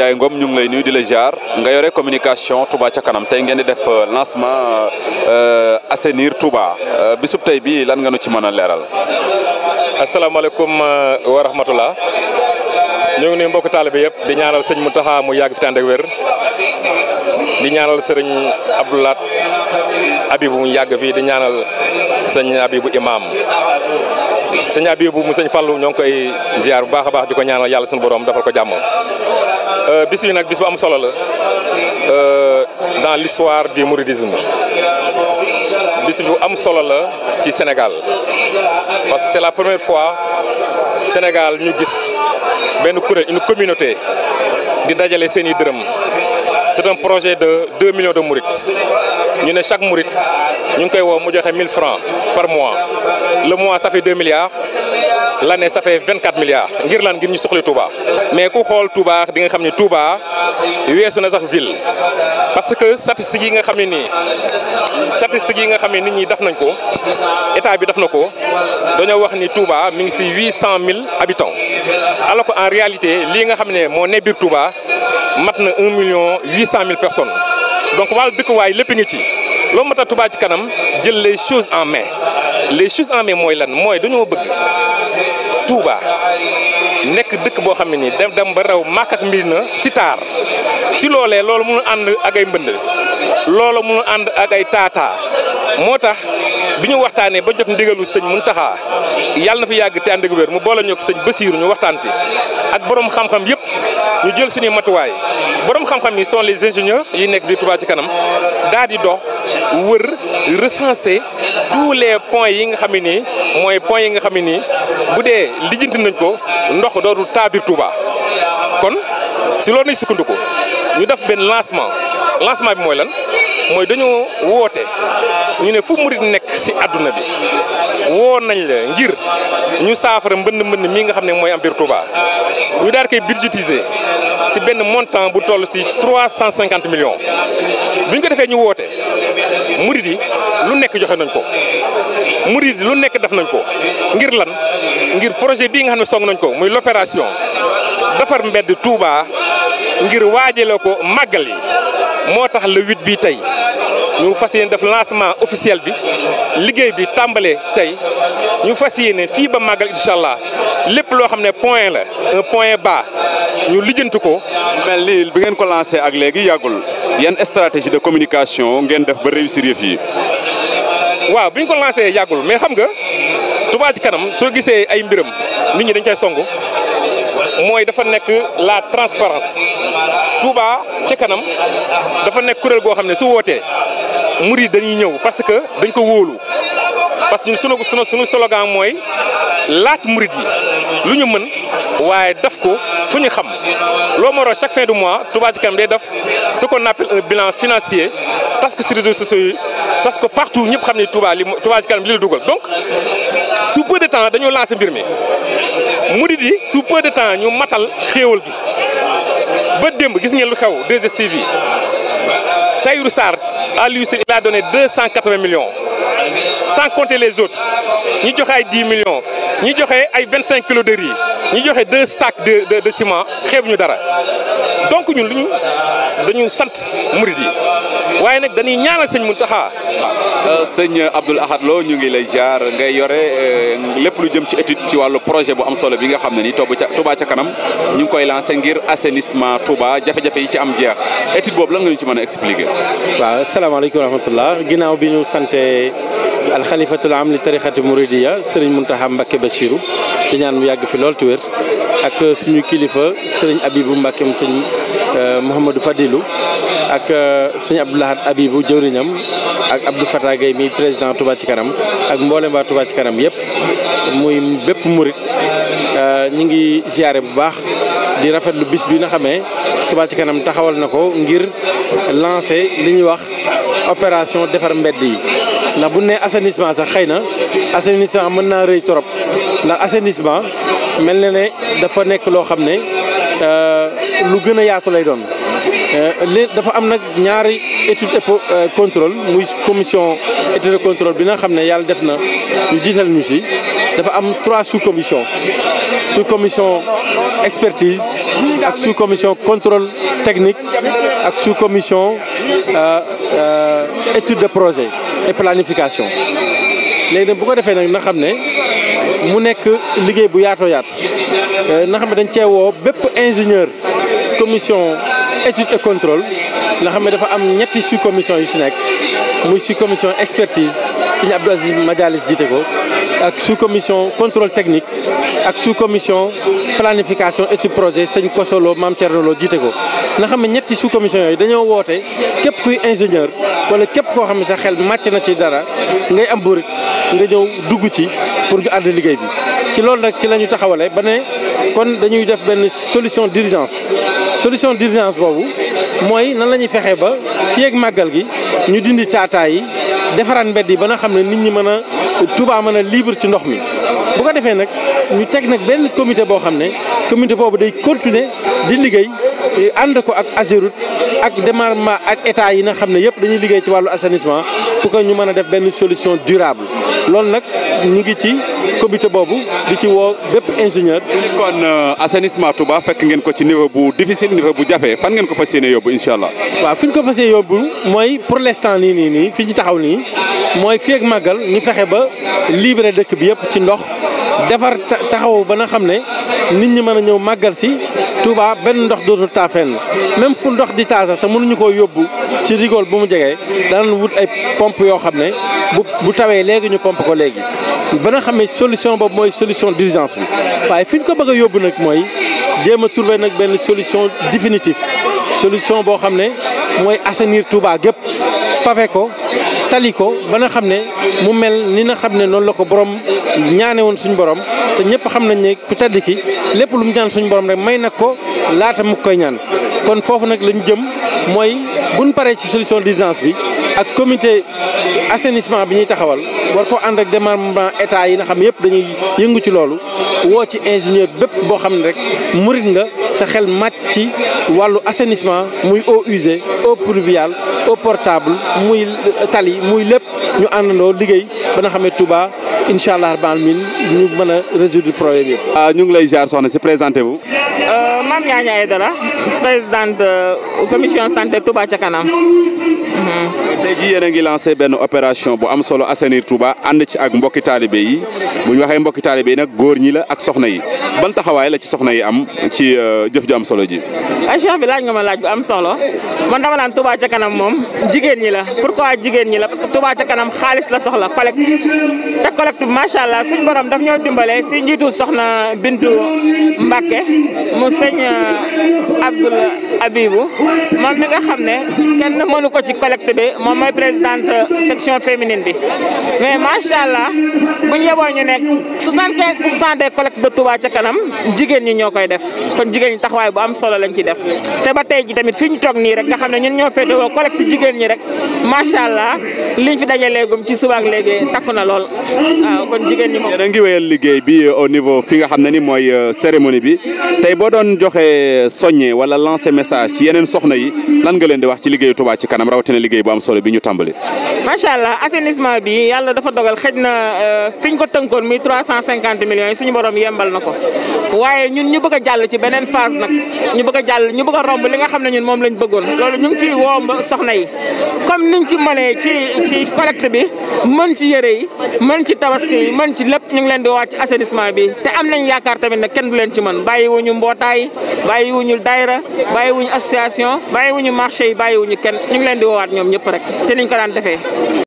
Ndiaye Ngom ñu lay nuyu di la ziar nga yore communication Touba ca kanam tey ngeen di def euh, lancement euh, assenir tuba euh, bisub tey bi lan nga nu ci mën a leeral. asalaamaaleykum wa rahmatullah ñu ngi nuyu mbokk taalibe yëpp di ñaanal sëñ Mountakha mu yàgg tànd ak ñaanal sëriñ Abdou Lahat Abibu mu yàgg fii di ñaanal sëñ Abibu Imaam. sëñ Abibu mu sëñ Fallou ñoo ngi koy ziar bu baax a baax di ko ñaanal yàlla suñu borom defal ko jàmm Euh, bis bi nag bis bu am solo la euh, dans l'histoire du mouridisme bis bu am solo la ci Sénégal parce que c'est la première fois Sénégal ñu gis benn kuréel une communauté di dajale seen i dërëm c'est un projet de deux millions de mourides ñu ne chaque mouride ñu ngi koy woo mu joxe mille francs par mois le mois ça fait deux milliards l'année ça vingt quatre milliards ngir lan ngir ñu soxla Touba mais ku xool Touba di nga xam ne Touba weesu na sax ville parce que statistiques yi nga xam ne nii statistiques yi nga xam ne nit ñi def nañ ko état bi def na ko dañoo wax ni Touba mi ngi si huit cent mille habitants alors ko en réalité lii nga xam ne moo ne biir Touba mat na un million huit cent mille personnes donc wàllu dëkkuwaay lépp ngi ci loolu moo tax ci kanam jël les choses en mais les choses en main mooy lan mooy dañoo bëgg. Touba nekk dëkk boo xam ne nii dem dem ba raw màkk ak mbir na si taar si loolee loolu mënul ànd ak ay mbënd loola mënul ànd ak ay taataa moo tax bi ñu waxtaanee ba jot ndigalu sëñ Muntaxa yàlla na fi yàgg te ànd ak wér mu boole ñoo ko sëñ Basiiru ñu waxtaan si ak boroom xam-xam yëpp ñu jël suñuy matuwaay borom xam-xam yi sont les ingénieurs yi nekk di Touba ci kanam daa di dox wër. recenser tous les points yi nga xam ne nii mooy points yi nga xam ne nii bu dee lijjanti nañ ko ndox dootul taa biir Touba kon si loolu nañ sukkandiku ñu def benn lancement lancement bi mooy lan. mooy dañoo woote ñu ne fu murit nekk si àdduna bi woo nañ la ngir ñu saafara mbënn mbënn mii nga xam ne mooy am biir Touba ñu daal koy budgétiser si benn montant bu toll si trois cent cinquante millions bu ñu ko defee ñu woote murit yi lu nekk joxe nañ ko murit yi lu nekk def nañ ko ngir lan ngir projet bii nga xam ne song nañ ko muy l'opération defar mbedd Touba ngir waajale ko màggal yi moo tax le huit bii tey ñu fas yéene def lancement officiel bi liggéey bi tàmbalee tey ñu fas yéene fii ba màggal incha allah lépp loo xam ne point la un point bas ñu lijjanti ko. mel ni bi ngeen ko lancé ak léegi yàggul yan stratégie de communication ngeen def ba réussir yëf yi. waaw bi ñu ko lancé yàggul mais xam nga Touba ci kanam soo gisee ay mbiram nit ñi dañ ca songu mooy dafa nekk la transparence Touba ci kanam dafa nekk kuréel goo xam ne su wootee murid dañuy ñëw parce que dañ ko wóolu parce que sunu sunu sunu slogan mooy laaj murid yi lu ñu mën waaye daf ko fu ñu xam loo moro chaque fin du mois Touba ci kanam day def ce qu'on appelle un bilan financier tas ko sur réseaux sociaux yi tas ko partout ñëpp xam ne Touba li Touba ci kanam li la dugal donc su peu de temps dañoo lancé mbir mi. murid di sous peu de temps ñu matal xéewal gi ba démb gis ngeen lu xew 2STV Tahirou Sarr à lui seul il deux cent quatre-vingts millions. sans compter les autres ñi joxe ay 10 millions ñi joxe ay 25 kilos de riz ñi joxe deux sacs de de de ciment ñu dara donc ñun lu ñu dañu sant murid yi waaye nag dañuy ñaanal sëñ Mountakha. Euh, sëñ Abdoul Ahad Lo ñu ngi lay jaar ngay yore euh, lépp lu jëm ci étude ci wàllu projet bu am solo bi nga xam ne nii Touba ca kanam ñu ngi koy lancé ngir assainissement Touba jafe-jafe yi ci am jeex étude boobu lan nga ñu ci mën a expliquer. waaw salaamaaleykum wa rahmatullah ginnaaw al xalifatul am li tarixati Mouridia sëriñ Muntaxa Mbacke Bassirou di ñaan mu yàgg fi lool te wér ak suñu kilifa sëriñ Abibu Mbacke mu sëriñ euh, Mouhamadou Fadilou ak euh, sëriñ Abdoulahat Abibu jëwriñam ak Abdou Fatah Gueye mi président Touba ci kanam ak mboolem waa ci kanam yëpp muy bépp murit ñu ngi ziare bu baax di rafet lu bis bi nga xamee Touba ci kanam taxawal na ko ngir lancer li ñuy wax opération defar mbedd yi ndax bu ne assainissement sax xëy na assainissement mën naa rëy torop ndax assainissement mel na ne dafa nekk loo xam ne euh, lu gën a yaatu lay doon euh, li dafa am nag ñaari étude control euh, contrôle muy commission étude de bi nga xam ne yàlla def na ñu jiital ñu si dafa am trois sous commission sous commission expertise ak sous commission contrôle technique ak sous commission euh, euh, étude de projet et planification léegi nag bu ko defee nag na xam ne mu nekk liggéey bu yaato yaatu euh, na xam ne dañ cee woo bépp ingénieur commission étude et contrôle nga xam ne dafa am ñetti sous commission yu si nekk muy sous commission expertise Sëñ Abdou Aziz Madialis jiite ko ak sous commission contrôle technique ak sous commission planification étude projet sëñ Kosoloo maam Thierno Lo jiite ko. nga xam ne ñetti sous commission yooyu dañoo woote képp kuy ingénieur wala képp koo xam ne sa xel màcc na ci dara ngay am burit nga ñëw dugg ci pour ñu ànd liggéey bi ci loolu nag ci la ñu taxawale ba ne kon dañuy def benn solution d'urgence solution d'urgence boobu mooy nan la ñuy fexee ba fii ak màggal gi ñu dindi taataa yi defaraat mbedd yi ba nga xam ne nit ñi mën a Touba mën a libre ci ndox mi bu ko defee nag ñu teg nag benn comité boo xam ne comité boobu day continuer di liggéey ànd ko ak Ageroute ak démarrement ak état yi na xam ne yëpp dañuy liggéey ci wàllu assainissement pour que ñu mën a def benn solution durable loolu nag ñu ngi ci comité boobu di ci woo bépp ingénieur. kon euh, tubaa Touba fekk ngeen ko ci niveau bu difficile niveau bu jafe fan ngeen ko fas yéene yóbbu incha allah. waaw fi ñu ko fas yéene yóbbu mooy taxaw nii. mooy fii ak màggal ñu fexe ba libre dëkk bi yëpp ci ndox defar taxaw ba nga xam ne nit ñi mën a ñëw màggal si Touba benn ndox dootul taa fenn même fu ndox di taa sax te mënuñu ko yóbbu ci rigol bu mu jege danañ wut ay pompe yoo xam ne bu bu tawee léegi ñu pompe ko léegi. ba nga xam ne solution boobu mooy solution d'urgence bi waaye fi ñu ko bëgg a yóbbu nag mooy jéem a trouver nag benn solution définitive solution boo xam ne. mooy assainir Touba gépp pavé ko tali ko ba na xam ne mu mel ni na xam ne noonu la ko borom ñaane woon suñu borom te ñëpp xam nañ ne ku tedd ki lépp lu mu ñaan suñu borom rek may nag ko laata mu koy ñaan kon foofu nag lañ jëm mooy buñ paree ci solution d'urgence bi ak comité assainissement bi ñuy taxawal war ko ànd ak démembrement état yi na xam yëpp dañuy yëngu ci loolu woo ci ingénieur bépp boo xam ne rek murit nga sa xel ci wàllu assainissement muy eau usée eau pluviale eau portable muy tali muy lépp ñu àndandoo liggéey ba na xam ne Touba incha allah rabbil alamin ñu mën a résoudre problème yi. Ah, ñu ngi lay ziar soxna si présenté wu. Euh, Mame Niania Aidara présidente euh, commission santé Touba ca kanam. Mhm. tey ji yéen ngi lancé benn opération bu am solo assainir Touba ànd ci ak mbokki taalibe yi bu ñu waxee mbokki taalibe yi nag góor ñi la ak soxna yi ban taxawaay la ci soxna yi am ci euh, jëf ju am solo ji. ay chef bi laaj nga ma laaj bu am solo man dama naan Touba ca kanam moom jigéen ñi la pourquoi jigéen ñi la parce que Touba ca kanam xaalis la soxla collecte te collecte macha allah suñ borom daf ñoo dimbale si njiitu soxna Bintu Mbacke mu sëñ euh, Abdoulaye. Abibou moom mi nga xam ne kenn mënu ko ci collect bi moom mooy présidente section féminine bi mais macha allah bu ñu yeboo ñu nekk 75 pour cent des de Touba ca kanam jigéen ñi ñoo koy def kon jigéen ñi taxawaay bu am solo lañ ci def te ba tey ji tamit fi ñu toog nii rek nga xam ne ñun ñoo féetewoo collecte jigéen ñi rek macha allah li liñ fi dajaleegum ci suba ak léegi takku na lool waaw kon jigéen ñi ngi wéyal liggéey bi euh, au niveau fi nga xam ne ni mooy euh, cérémonie bi tey boo doon joxe euh, soññe wala lancer message message ci yeneen soxna yi lan nga leen di wax ci liggéeyu Touba ci kanam rawatina liggéey bu am solo bi ñu tàmbali. macha allah assainissement bi yàlla dafa dogal xëj na euh, fi ko tënkoon muy 350 millions yi yembal na ko waaye ñun ñu bëgg a jàll ci beneen phase nag ñu bëgg a jàll ñu bëgg a romb li nga xam ne ñun moom lañ bëggoon loolu ñu ngi ciy soxna yi comme niñ ci mënee ci ci bi mën ci yére yi mën ci tabaski yi mën ci lépp ñu ngi leen di woo ci assenisment bi te am nañ yaakaar tamit ne kenn du leen ci mën bàyyi wuñu mbootaay bàyyi wuñu daayra bàyyi wuñu association bàyyi marché yi bàyyi wuñu kenn ñu ngi leen di wowaat ñoom ñëpp rek te niñ ko daan defee